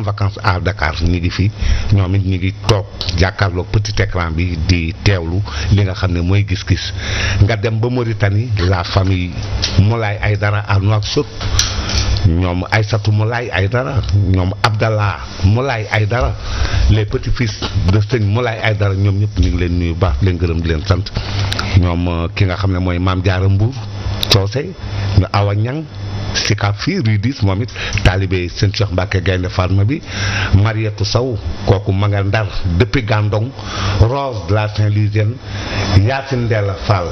am vacances à Dakar ñu ngi fi ñoom it ñu ngi toog jàkkaarloog petit écran bi di teewlu li nga xam ne mooy gis-gis nga dem ba Mauritanie la famille ay dara à Nouakchott ñoom ay Aysatu Moulay Aydara ñoom Abdallah Moulay Aydara les petits-fils de sëñ ay dara ñoom ñëpp ñu ngi leen nuyu baax di leen gërëm di leen sant ñoom euh, ki nga xam ne mooy Maam Jaara Mbuur Soose ñu Awa Ñang Sicap fii rue 10 moom it taalibe seen Cheikh Mbacke Gaynde ma bi Marietou saw kooku ma nga Ndar depuis Gandon Rose de la Saint-Louisienne Yacine Ndella Fall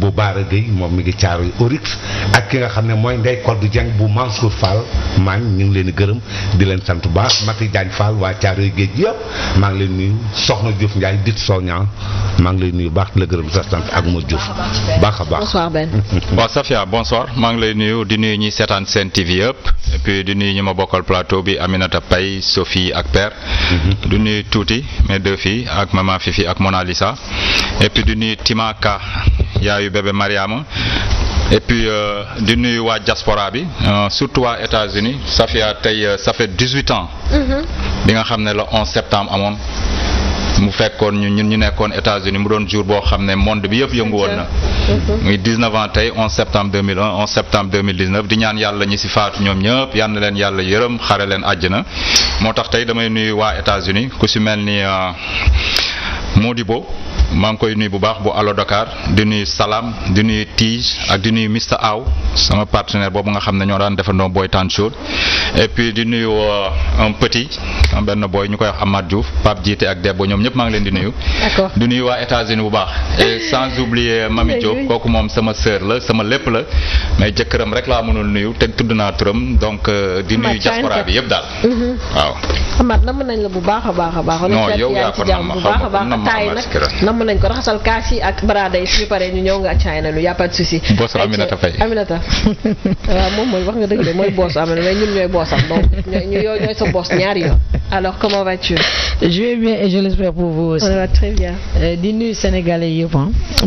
bu Baara Gueye moom mi ngi caaro yi Orix ak ki nga xam ne mooy Ndey Koddu Dieng bu Mansour Fall maa ñu ngi leen gërëm di leen sant bu baax Mati Diagne Fall waa caaro yi géej yëpp maa ngi leen nuyu Soxna Diouf Ndiaye dit Soña maa ngi leen nuyu baax la gërëm sa sant ak ma Diouf baax a baax. bonsoir Ben. waaw yi ñuy seetaan seen TV yëpp et di nuyu ñu ma bokkal plateau bi Aminata pay Sophie ak Père. Mm-hmm. du nuyu tuuti mais de filles ak maman Fifi ak Mona Lisa et puis di nuyu Timaka yaayu bébé Mariama. et euh, di nuyu waa jaspora bi euh, surtout waa États-Unis ça fait euh, tey ça fait dix-huit ans. Mm-hmm. bi nga xam ne la onze septembre amoon. mu fekkoon ñu ñun ñu nekkoon États-Unis mu doon jour boo xam ne monde bi yëpp yëngu woon na mhm. muy 19 ans tey 11 septembre 2001 11 septembre 2019 di ñaan yàlla ñi si faatu ñoom ñëpp yal leen yàlla yërëm xare leen àjjana moo tax tey damay nuyu waa États-Unis ku si mel ni euh, Modibo maa ngi koy nuyu bu baax bu Allo Dakar di nuy salaam di nuy Tige ak di nuy Mr Aw sama partenaire boobu nga xam ne ñoo daan defandoo booy Tan Show et puis di nuyu euh, un petit am benn booy ñu koy wax Amath Diouf Pape Diété ak Debbo ñoom ñëpp maa ngi leen di nuyu. di nuyu waa États-Unis bu baax. et sans oublier Mami Diop kooku moom sama sœur la sama lépp la mais jëkkëram rek laa mënul nuyu te tudd naa turam donc euh, di nuyu diaspora bi yëpp daal. Mm-hmm. waaw Amath bu baax a baax a baax. non yow yaa ko namm xam nga mën nañ ko raxasal kaas yi ak barada yi suñu paree ñu ñëw nga accaay nañu y' a pas de na boss Aminata Faye Aminata waaw moom mooy wax nga dëgg de mooy boss Aminata mais ñun ñooy bossam euh,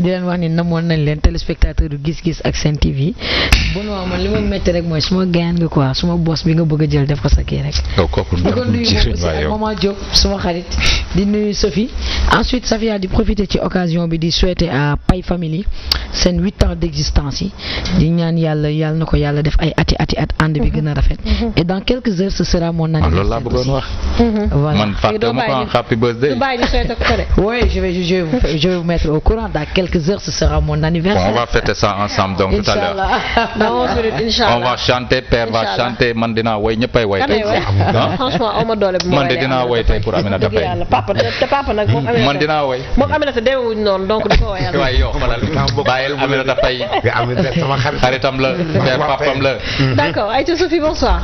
leen wax yu gis-gis ak seen TV bon waaw man li ma métti rek mooy suma gaañ nga quoi suma boss bi nga bëgg a jël def ko sa kii rek. di ko nuyu moom ak maman Diop suma xarit di nuyu Sophie ensuite Safia di profiter. profiter ci occasion bi di souhaiter à Paye Family seen huit ans d' existence yi di ñaan yàlla yàlla na ko yàlla def ay ati ati at ànd bi mhm. gën a rafet. Mhm. et dans quelques heures ce sera mon anniversaire. Ah, loolu laa bëggoon wax. Mhm. voilà man fàtte ma ko happy birthday. oui je vais je vais vous je vais vous mettre au courant dans quelques heures ce sera mon anniversaire. Bon, va fêter ça ensemble donc tout à l'heure on chanter père va chanter man dinaa woy ñëppay woy ah, ah. ma doole bu ma man de woy tey pour Aminata Paye. man dinaa woy. xamante demewuñ noonu donc di ko woyal. waaye yow xoolal bàyyil Aminata Paye. nga Aminata sama xaritam la. père papam la. d'accord Aïcha Sophie bonsoir.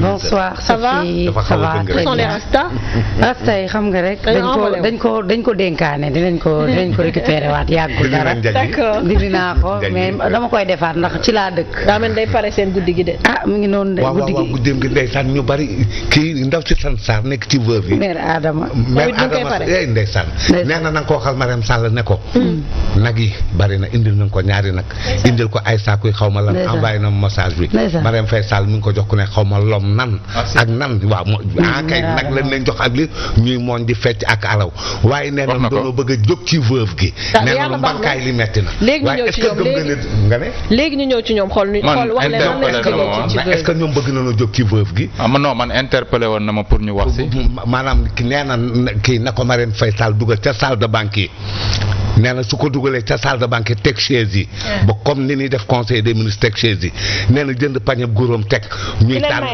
bonsoir Sophie ça xam nga rek. dañ ko dañ ko dénkaane dinañ ko dinañ ko récupéré waat yàggul dara. d'accord dindi naa ko mais dama koy defaat ndax ci laa dëkk. daa mel day pare seen guddi gi de. ah mu ngi noonu de guddi gi waaw waaw guddeem gi ndeysaan ñu bari kii ndaw si sant Sarr nekk ci veuve yi. mère Adama mère Adama eh, ndeysaan nee na na ko waxal Mariam Sall ne ko. Mm. nag yi bari na indil nañ ko ñaari nag. na message bi. Mariam Faye Sall ma lom nan. Ah, ak nan waaw mo ah kay nag lañ leen jox ak li ñuy mooñ di waaye nee na dañoo bëgg a jóg ci veuve gi. Ah, nee na mbarkaay li metti na. waaye est-ce que gëm nga ne nga ne. léegi ñu ñëw ci ñoom xool xool wax leen lan lañ jóg ci veuve ah, est-ce que woon na ma pour ñu wax si. maanaam nee na kii na ko Mariam Faye dugal ca salle de banque tànk yi nee na su ko dugalee ca salle de banque teg chaise yi. ba comme ni ñuy def conseil des ministres teg chaise yi nee na jënd pañe góoram teg. ñuy tànn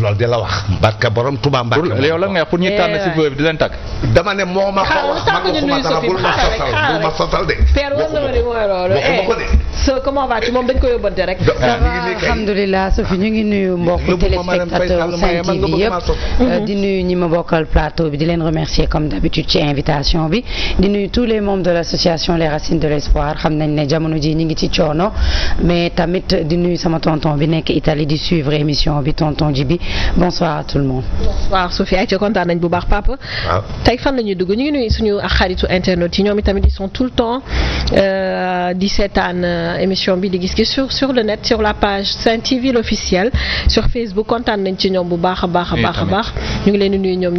loolu di la wax. parce que borom Touba Mbacke. pour yow lan nga pour ñuy tànn si bi di leen tag dama ne moo a ko wax ma waxuma dara bul ma sosal de. waxuma ko de. Eh, so comment vas-tu moom dañ ko yóbbante rek. Ah, alhamdulilah Sophie ñu ngi nuyu mbokk téléspectateur Sen euh, mm-hmm. ñi ma bokkal plateau bi di leen remercier comme d'habitude ci invitation bi di nuyu tous les membres de la association les racines de l'espoir xam nañ ne jamono ji ñu ngi ci coono mais tamit di nuyu sama tonton bi nekk Italie di suivre émission bi tonton Djibi bonsoir tout le monde. bonsoir Sophie ay ci kontaan nañ bu baax papa. waaw tey fan la ñuy dugg ñu ngi nuyu suñu xaritu internet yi ñoom itamit ils sont tout le temps euh, di seetaan euh, émission bi di gis gis sur sur le net sur la page Sen TV l'officiel sur Facebook kontaan nañ ci ñoom bu baax a baax a baax ñu ngi leen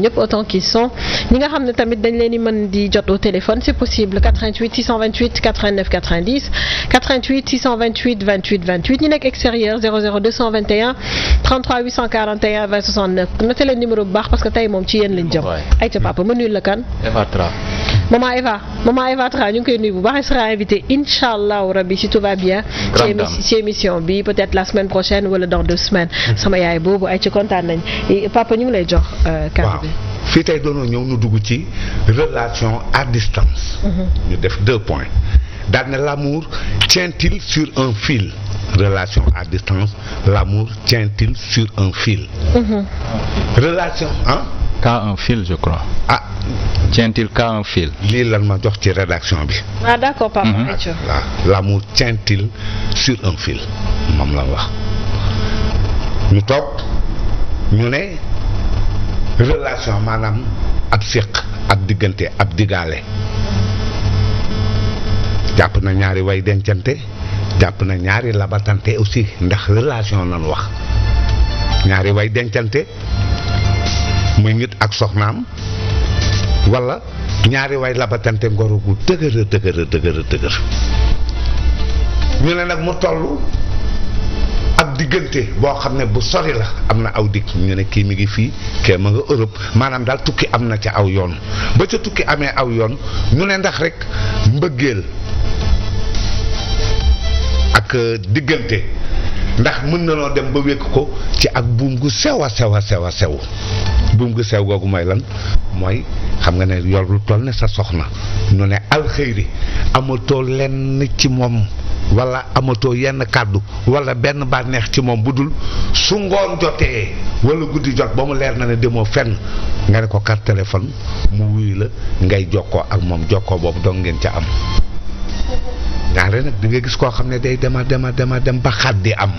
di 88 628 89 90 88 628 28 28 ñi nekk extérieur 00 221 33 841 parce que tey moom ci yéen lañ jëm. ay ca papa ma nuyu la kan. Eva Tra. maman Eva maman Eva Tra ñu ngi koy nuyu bu baax sera invité incha allahu rabi si tout va bien. ci émission bi peut-être la semaine prochaine wala dans deux semaines. sama yaay boobu ay ci kontaan nañ papa ñu ngi lay jox. Euh, fii tey doonoo ñëw nu dugg ci relation à distance. Mhm. ñu def deux points daal ne l'amour tient sur un fil relation à distance l'amour tient sur un fil. Mhm. relation ah. qu'à un fil je crois. ah tient-il un fil. lii lan ma jox ci rédaction bi. ah d'accord papa. Mhm. l'amour tient sur un fil moom la wax ñu toog ñu ne. relation maanaam ab séq ab diggante ab diggaale jàpp na ñaari way dencante jàpp na ñaari labatante aussi ndax relation lañu wax ñaari way dencante muy ngit ak soxnaam walla ñaari way labatante ngoro gu dëgër dëgër dëgër dëgër ñu ne nag mu tollu ab diggante boo xam ne bu sori la am na aw dikk ñu ne kii mi ngi fii kee ma nga Europe maanaam daal tukki am na ca aw yoon ba ca tukki amee aw yoon ñu ne ndax rek mbëggeel ak euh, diggante ndax mën na loo dem ba wékk ko ci ak buum gu sew a sew a sew a sew buum gu sew googu mooy lan mooy xam nga ne yor lu toll ne sa soxna ñu ne alxëyri amatoo lenn ci moom wala amatoo yenn kàddu wala benn bànneex ci moom bu dul su ngoon jotee wala guddi jot ba mu leer na ne demoo fenn nga ne ko kar téléphone mu wuy la ngay jokkoo ak moom jokkoo boobu dong ngeen ca am. ñaare nag di nga gis koo xam ne day dema dema dema dem ba xaddi am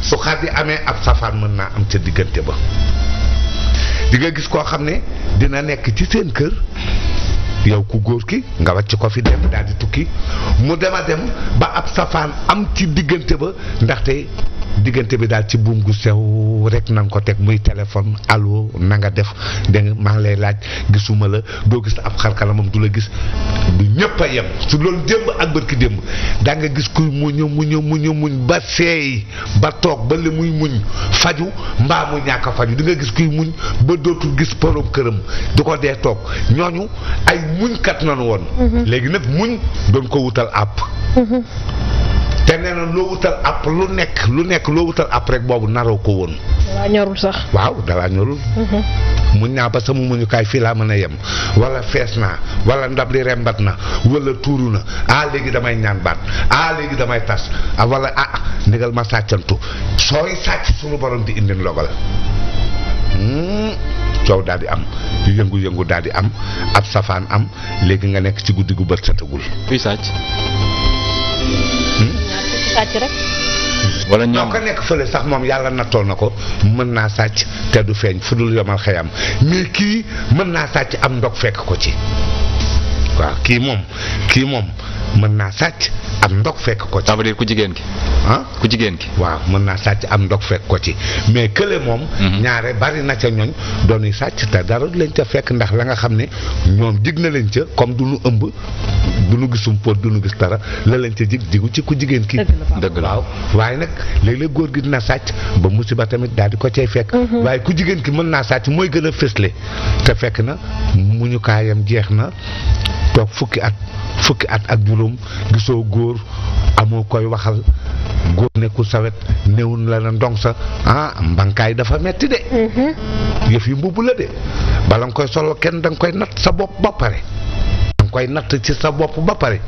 su xaddi amee ab safaan mën naa am ca diggante ba di nga gis koo xam ne dina nekk ci seen kër. yow ku góor ki nga wàcc ko fi dem daal di tukki mu dem a dem ba ab safaan am ci diggante ba ndaxte diggante bi daal ci buum gu sew rek na nga ko teg muy téléphone allo nanga def dégg nga maa ngi lay laaj gisuma la doo gis ab xarkala moom du la gis du ñëpp a yem su loolu démb ak bërki démb daa nga gis kuy muñ muñ muñ muñ ba seey ba toog ba li muy muñ faju mbaamu mu ñàkk faju di nga gis kuy muñ ba dootul gis borom këram du ko dee toog ñooñu ay muñkat nanu woon mm-hmm. léegi nag muñ doon ko wutal àpp mm-hmm. te nee na loo wutal ab lu nekk lu nekk loo wutal ab rek boobu naroo ko woon. dalaa ñorul sax. waaw dalaa ñorul. Mhm. muñ naa ba mu muñukaay fii laa mën a yem wala fees naa wala ndab li rembat na wala tuuru na ah léegi damay ñaan baat ah léegi damay tas ah wala ah ndigal ma sàccantu sooy sàcc suñu borom di indi ndogal hmm, coow daal di yëngu-yëngu daal di am ab safaan am léegi nga nekk ci guddi gu sa setagul sàcc rek. wala ko nekk fële sax moom yàlla nattoo na ko mën naa sàcc te du feeñ fu dul yomal xëyam mais kii mën naa sàcc am ndog fekk ko ci waaw kii moom kii moom mën naa sàcc. am ndog fekk ko ci. ça ku jigéen ki. ah ku jigéen ki. waaw mën naa sàcc am ndog fekk ko ci mais kële moom. Mhm. ñaare bari na ca ñooñ doon sàcc te dara du leen ca fekk ndax la nga xam ne ñoom dig na leen ca comme du ëmb du nu gisum pot du nu gis dara la leen ca jig jigu ci ku jigéen ki. dëgg la waaw waaye nag léegi léeg góor gi dina sàcc ba musiba tamit daal di ko cay fekk. Mhm. waaye ku jigéen ki mën naa sàcc mooy gën a fësle te fekk na muñu kaayam jeex na. toog fukki at fukki at ak juróom gisoo góor amoo koy waxal góor nekkul sawet néewun la na ndong sa ah mbankaay dafa metti de mhm. yëf yi mbubb la de bala nga koy solo kenn da nga koy natt sa bopp ba pare da koy natt ci sa bopp ba pare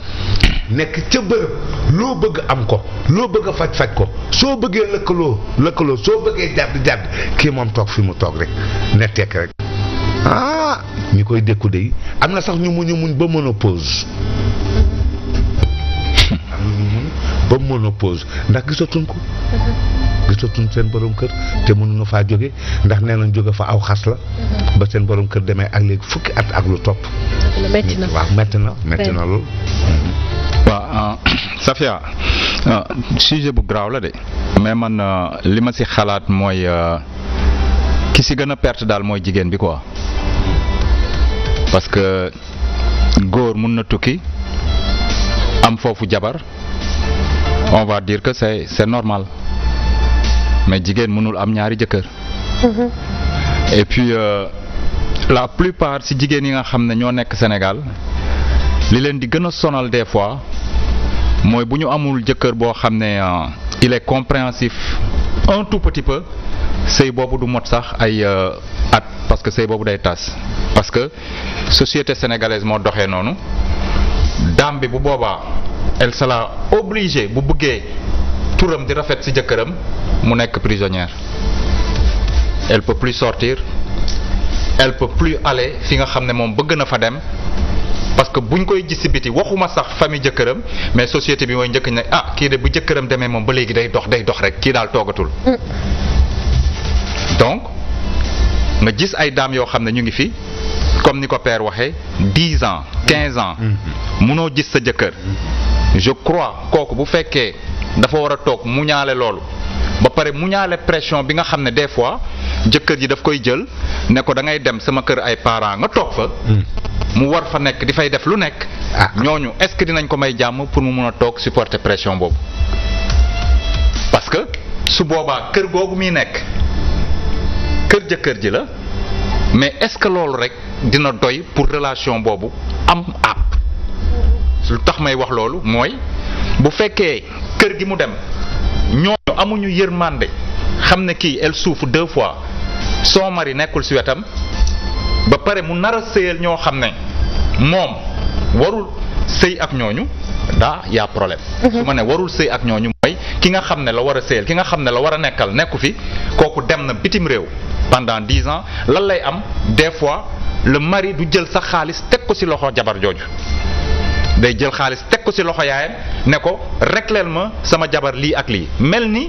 nekk ca bërëb loo bëgg am ko loo bëgg a faj-faj ko soo bëggee lëkkaloo lëkkaloo soo bëggee jàdd jàdd kii moom toog fi mu toog rek ne rek ah, ñi koy dékku de am na sax ñu muñ a ba ménopause am na ñu muñ ba ménopause ndax gisatuñ ko gisatuñ seen borom kër te mënuñu faa jóge ndax nee nañ jóge fa aw xas la ba seen borom kër demee ak léegi fukki at ak lu topp metti na waaw metti na metti na loolu waaw euh, euh, sujet bu grave la de mais man euh, li ma si xalaat mooy ki si gën a perte daal mooy jigéen bi quoi parce que góor mun na tukki am foofu jabar on va dire que c'est c'est normal mais jigéen mënul am ñaari jëkkër. Mm-hmm. et puis euh, la plupart si jigéen yi nga xam ne ñoo nekk Sénégal li leen di gën a sonal des fois mooy bu ñu amul jëkkër boo xam ne euh, il est compréhensif un tout petit peu sëy boobu du mot sax ay euh, at parce que sëy boobu day tas. parce que société sénégalaise moo doxee noonu dame bi bu boobaa elle sera obligée bu bëggee turam di rafet ci jëkkëram mu nekk prisonnière elle peut plus sortir elle peut plus aller fi nga xam ne moom bëgg na fa dem parce que buñ koy gis ci biti waxuma sax famille jëkkëram mais société bi mooy njëkk ne ah kii de bu jëkkëram demee moom ba léegi day dox day dox rek kii daal toogatul mm. donc nga gis ay dames yoo xam ne ñu ngi fi comme ni ko per waxee dix ans quinze ans mm-hmm. munoo gis sa jëkkër mm-hmm. je crois kooku bu fekkee dafa war a toog mu ñaale loolu ba pare muñaale pression bi nga xam ne des fois jëkkër ji daf koy jël ne ko da ngay dem sama kër ay parents nga toog fa mm-hmm. mu war fa nekk di fay def lu nekk ah. ñooñu est-ce dinañ ko may jàmm pour mu mën a toog supporter pression boobu parce que su boobaa kër googu muy nekk kër jëkkër ji la mais est-ce que loolu rek dina doy pour relation boobu am àpp lu tax may wax loolu mooy bu fekkee kër gi mu dem ñooñu amuñu yërmande xam ne kii elle souffre deux fois soo mari nekkul si wetam ba pare mu nar a sëyal ñoo xam ne moom warul sëy ak ñooñu daa y'a problème mhm. su ma ne warul sëy ak ñooñu mooy ki nga xam ne la war a sëyal ki nga xam ne la war a nekkal nekku fi kooku dem na bitim réew pendant dix lay am des fois le mari du jël sax xaalis teg ko ci loxo jabar jooju day jël xaalis teg ko ci loxo yaayam ne ko récleel ma sama jabar lii ak lii mel ni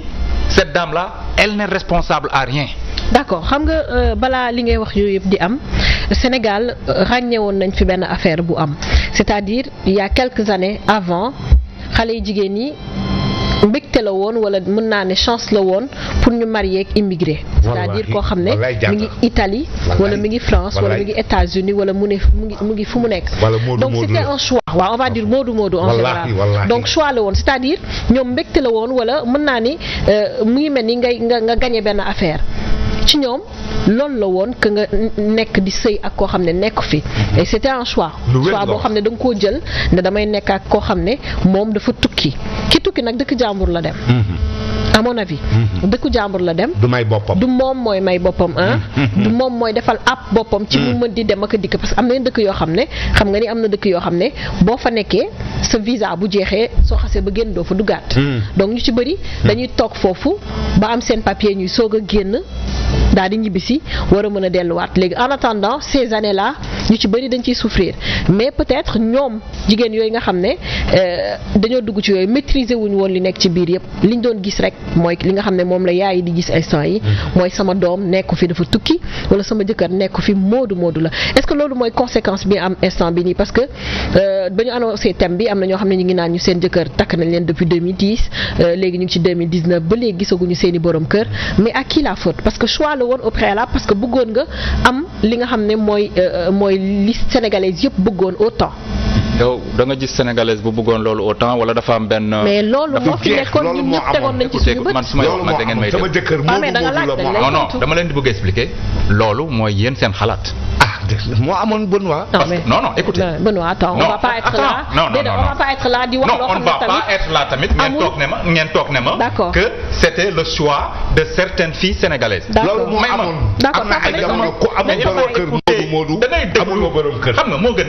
cette dame elle n'est responsable à rien. d'accord xam nga euh, balaa li ngay wax yooyu yëpp di am Sénégal euh, ràññewoon nañ fi benn affaire bu am cest à quelques années avant xale yu jigéen ñi mbégte la woon wala mën naa ne chance la woon pour ñu marier ak immigré c'est-à-dire koo xam ne mi ngi Italie wala mi ngi France wala mi ngi États-Unis wala mu ne mu ngi mu ngi fu mu nekk donc c'était un choix waaw on va dire moodu moodu en général donc choix la woon c'est-à-dire ñoom mbégte la woon wala mën naa ni euh, mu ngi mel ni ngay nga nga gagné benn affaire ci ñoom loolu la woon que nga nekk di sëy ak koo xam ne nekk fii et c'était un choix boo xam ne danga koo jël ne damay nekk ak koo xam ne moom dafa tukki ki tukki nag dëkk jàmbur la dem mhm. à mon avis mhm. dëkku jàmbur la dem du may boppam du moom mooy may boppam ah du moom mooy defal app boppam ci mu mën di dem ak dikk parce que am na dëkk yoo xam ne xam nga ni am na dëkk yoo xam ne boo fa nekkee sa visa bu jeexee soo xasee ba génn doo fa duggaat donc ñu ci bëri dañuy toog foofu a génn daal di ñibbisi war a mën a delluwaat léegi en attendant ces années là ñu ci bëri dañ ciy souffrir mais peut-être ñoom jigéen yooyu nga xam ne euh, dañoo dugg ci yooyu maîtriser wuñu woon li nekk ci biir yëpp liñ doon gis rek mooy li nga xam ne moom la yaay yi di gis instant yi mm-hmm. mooy sama doom nekku fi dafa tukki wala sama jëkkër nekku fi moodu moodu la est-ce que loolu mooy conséquence bi am instant bi nii parce que euh, ba ñu annoncé thème bi am na ñoo xam ne ñu ngi naan ñu seen jëkkër takk nañ leen depuis 2010 euh, léegi ñu ngi ci 2019 ba léegi gisaguñu seen i borom kër mais à qui la faute parce que choix woon au préalable parce que bëggoon nga am li nga xam ne mooy euh, euh, mooy li sénégalais yëpp bëggoon autant yow da nga gis sénégalaise bu bëggoon loolu autant wala dafa am benn. mais loolu moo fi nekkoon ñun ñëpp tegoon nañ ci suñu bët ma wax nag da ngeen may dégg. Ah, non non dama leen di bëgg expliquer. loolu mooy yéen seen xalaat. Ah, moo amoon Benoît. parce que non non écoutez. Benoît attends on va pas être là. di wax loo xam ne tamit. non ngeen toog ne ma ngeen toog ne ma. d'accord que c'était le choix de certaines filles sénégalaises. d'accord loolu moo amoon. d'accord am na ay jamono ku amoon borom kër. Modou. da ngay déglu amul ma borom kër xam nga moo gën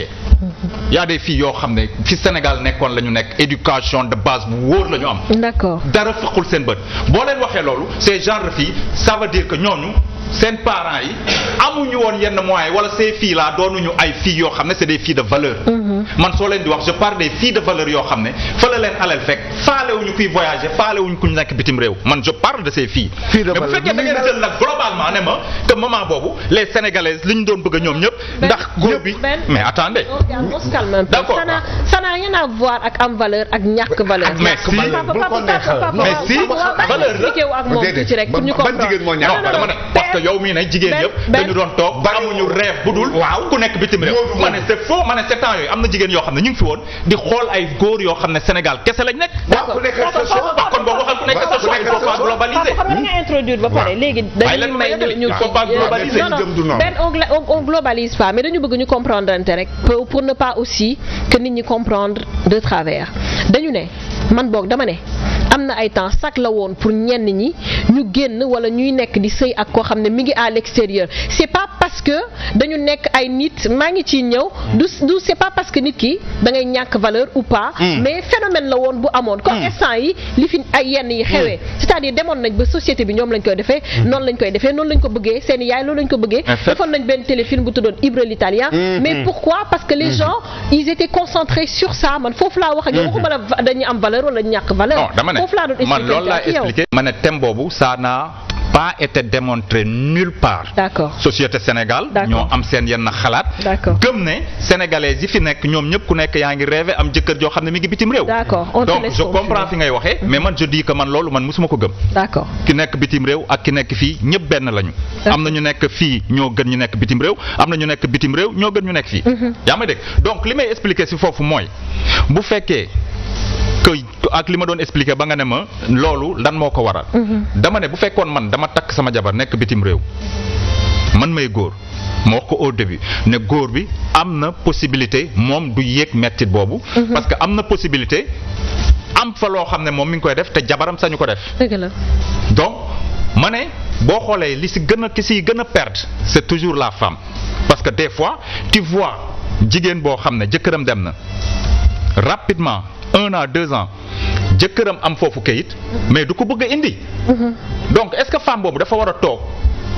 jege. y a des yoo xam ne fi Sénégal nekkoon la ñu nekk éducation de base bu wóor la ñu am. d'accord dara faqul seen bët boo leen waxee loolu ces genre de filles ça veut dire que ñooñu. seen parents yi amuñu woon yenn moyens wala ces filles là doonuñu ay filles yoo xam ne c'est des filles de valeur. Mm-hmm. man soo leen di wax je parle des filles de valeur yoo xam ne fa la leen alal fekk faale wuñu kuy voyager faale wuñu ku nekk bitim réew man je parle de ces filles. fille bu fekkee ma te moment boobu les sénégalaises li ñu doon bëgg a ñoom ñëpp. ndax groupe bi mais attendez. Oh, d'accord ça n'a ça n'a rien à voir ak am valeur ak ñàkk valeur. mais si mais si valeur la parce que yow mii ne dañu doon toog amuñu rêve bu dul waaw ku nekk bitim réew ma ne c'est faux ma ne c'est yooyu am na jigéen yoo xam ne ñu ngi fi woon di xool ay góor yoo xam ne Sénégal kese lañ nekk. waaw ku nekk sa choix kon boo waxal ku nekk sa pas globaliser. xam nga nga introduire ba pare léegi. dañuy may ñu ñu globaliser non benn on globalise pas mais dañu bëgg ñu comprendre rek pour ne pas aussi que nit ñi comprendre de travers dañu ne man boog dama ne. am na ay temps sax la woon pour ñenn ñi ñu génn wala ñuy nekk di sëy ak koo xam ne mi ngi à l'extérieur c'est pas parce que dañu nekk ay nit maa ngi ciy ñëw. du c'est pas parce que nit ki da ngay ñàkk valeur ou pas. Mm. mais phénomène la woon bu amoon. comme mm. instant yi li fi ay yenn yi xewee. Mm. c'est-à-dire demoon nañ ba société bi ñoom lañ koy defee. noonu lañ koy defee noonu lañ ko bëggee seen yaay loolu lañ ko bëggee. defoon nañ benn téléfilm bu tuddoon Ibra l'Italien. Mm-hmm. mais pourquoi parce que les mm-hmm. gens ils étaient concentrés sur ça man foofu laa wax ak yow mm-hmm. waxuma la dañuy am valeur wala ñàkk valeur. foofu laa doon expliqué man loolu laa expliqué ma ne pas été démontré nulle part. d'accord société Sénégal. ñoo am seen yenn xalaat. gëm ne sénégalais yi fi nekk ñoom ñëpp ku nekk yaa ngi rêvé am jëkkër joo xam ne mi ngi bitim réew. donc je comprends fi ngay waxee. mais man je dis que man loolu man mosuma ko gëm. d'accord ki nekk bitim réew ak ki nekk fii ñëpp benn lañu. am na ñu nekk fii ñoo gën ñu nekk bitim réew am na ñu nekk bitim réew ñoo gën ñu nekk fii. Mhm. yaa ma dégg donc li may expliquer si foofu mooy bu fekkee que ak li ma doon expliquer ba nga ne ma loolu lan moo ko waral. Mhm. dama ne bu fekkoon man dama takk sama jabar nekk bitim réew man may góor. ma wax ko au début ne góor bi am na possibilité moom du yéeg mettit boobu. Mhm. parce que am na possibilité am fa loo xam ne moom mi ngi koy def te jabaram sañu ko def. dëgg donc ma ne boo xoolee li si gën a ki si gën a perdre c'est toujours la femme parce que des fois tu vois jigéen boo xam ne jëkkëram dem na rapidement. un an deux ans jëkkëram am foofu kayit mais du ko bëgg a indi donc est-ce que femme boobu dafa war a toog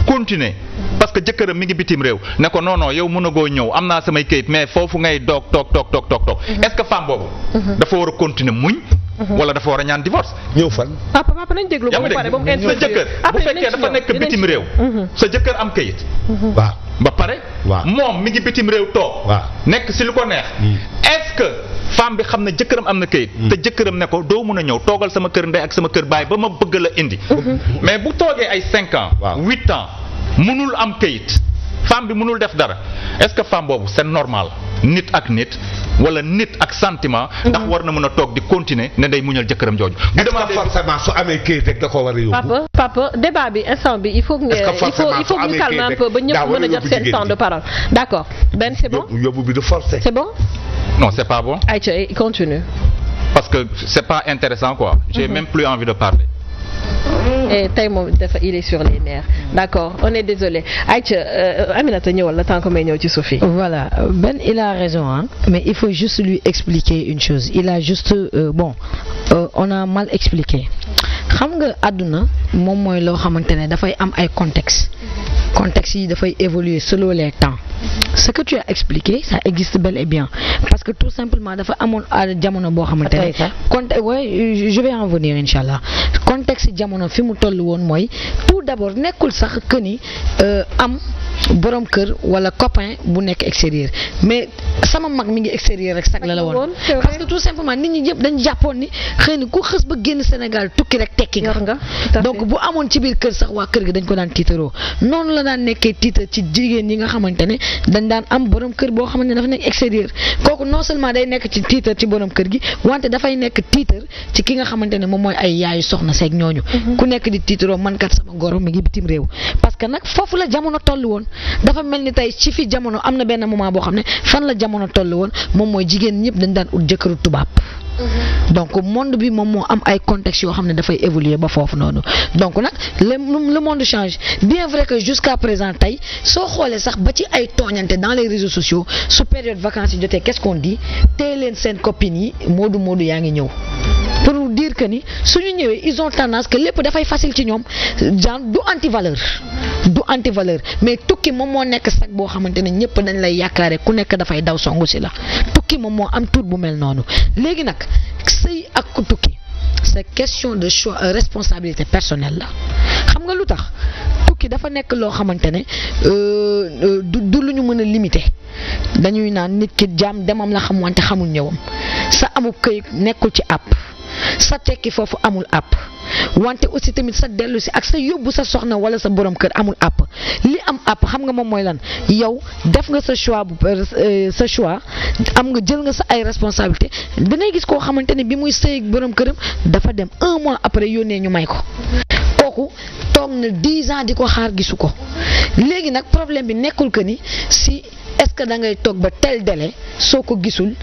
continuer parce que jëkkëram mi ngi bitim réew ne ko non non yow mënagoo ñëw am naa samay kayit mais foofu ngay doog toog toog toog toog toog mhm. est-ce que femme boobu dafa war a continuer muñ mhm. wala dafa war a ñaan divorce ñëw fan papa papa nañ déglu ba mu pare ba mu sa jëkkër bu fekkee dafa nekk bitim réew mhm. sa jëkkër am kayit waaw ba pare. waaw moom mi ngi bitim réew toog. waaw nekk si lu ko neex. Hmm. est-ce femme bi xam na jëkkëram am na këyit. Hmm. te jëkkëram ne ko doo mun a ñëw toogal sama kër ndey ak sama kër baay ba ma bëgg la indi. Hmm. mais bu toogee ay cinq ans. waaw huit ans munul am këyit femme bi munul def dara est-ce boobu c'est normal. nit ak nit wala nit ak sentiment. ndax war na mën a toog di continuer ne day muñal jëkkëram jooju. bu demee forcément su amee kayit rek da ko war a yóbbu. papa papa débat bi instant bi il faut que. il faut il faut ñu calme un peu ba ñëpp mën a jot seen temps de parole. d'accord Ben c'est bon yóbbu bi du forcé. c'est bon. non c'est pas bon. ayca continue. parce que c'est pas intéressant quoi. j'ai mhm. même plus envie de parler. tey moom dafa il est sur les nerfs. d'accord on est désolé Aïcha euh, Aminata ñëwal la tant que may ñëw ci Sophie. voilà Ben il a raison hein mais il faut juste lui expliquer une chose il a juste euh, bon euh, on a mal expliqué xam nga àdduna moom mooy loo xamante ne dafay am ay contexte. contexte yi dafay évoluer selon les temps ce que tu as expliqué ça existe bel et bien parce que tout simplement dafa amoon jamono boo xamante ne contexte oui je vais en venir incha allah contexte jamono fi mu toll woon mooy tout d'abord nekkul sax que ni euh, am borom kër wala copain bu nekk extérieur mais sama mag mi ngi extérieur rek sax la la woon parce que tout simplement nit ñi ñëpp dañ jàppoon ni xëy na ku xës ba génn Sénégal tukki rek tekki nga donc bu amoon ci biir kër sax waa kër gi dañ ko daan tiitaroo noonu la la daan nekkee tiita ci nga xamante ne dañ daan am borom kër boo xamante ne dafa nekk extérieur kooku nekk ci tiitar ci borom kër gi wante dafay nekk tiitar ci ki nga xamante ne moom mooy ay yaayu soxna seeg ñooñu mhm. ku nekk di tiitaroo man kat sama goro mi ngi bitim réew parce que nag foofu la jamono toll woon dafa mel ni tey ci fi jamono am na benn moment boo xam ne fan la jamono toll woon moom mooy jigéen ñëpp dañ daan ut jëkkëru tubaab mhm. donc monde bi moom moo am ay contexte yoo xam ne dafay évoluer ba foofu noonu donc nag le monde change bien vrai que jusqu'à jusqu'à présent tey soo xoolee sax ba ci ay tooñante dans les réseaux sociaux su période vacances yi jotee qu'est-ce qu'on tey leen seen copines yi moodu moodu yaa ngi ñëw pour dire que ni su ñu ñëwee ils ont tendance lépp dafay facile ci ñoom genre du anti valeur du anti mais tukki moom moo nekk sax boo xamante ne ñëpp dañ lay yaakaare ku nekk dafay daw songu si la tukki moom moo am tuut bu mel noonu léegi nag sëy ak ku tukki c'est question de choix euh, responsabilité personnelle la tukki dafa nekk loo xamante ne euh, euh, du du lu ñu mën a limité dañuy naan nit ki jaam demam la xam wante xamul ñëwam sa amub këyit nekkul ci àpp sa tekki foofu amul app wante aussi tamit sa dellu si ak sa yóbbu sa soxna wala sa borom kër amul app li am app xam nga moom mooy lan yow def nga sa choix bu euh, sa choix am nga jël nga sa ay responsabilité da ngay gis koo xamante ne bi muy sëy borom këram dafa dem un mois après yónnee ñu may ko kooku toog na 10 ans di ko xaar gisu ko léegi nag problème bi nekkul que ni si est-ce que da ngay toog ba tel délai soo ko gisul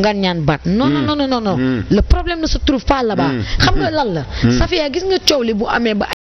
nga ñaan baat. non non hmm. non non non hmm. le problème ne se trouve pas là-bas. Hmm. xam nga lan la. Safia gis nga coow li bu amee ba.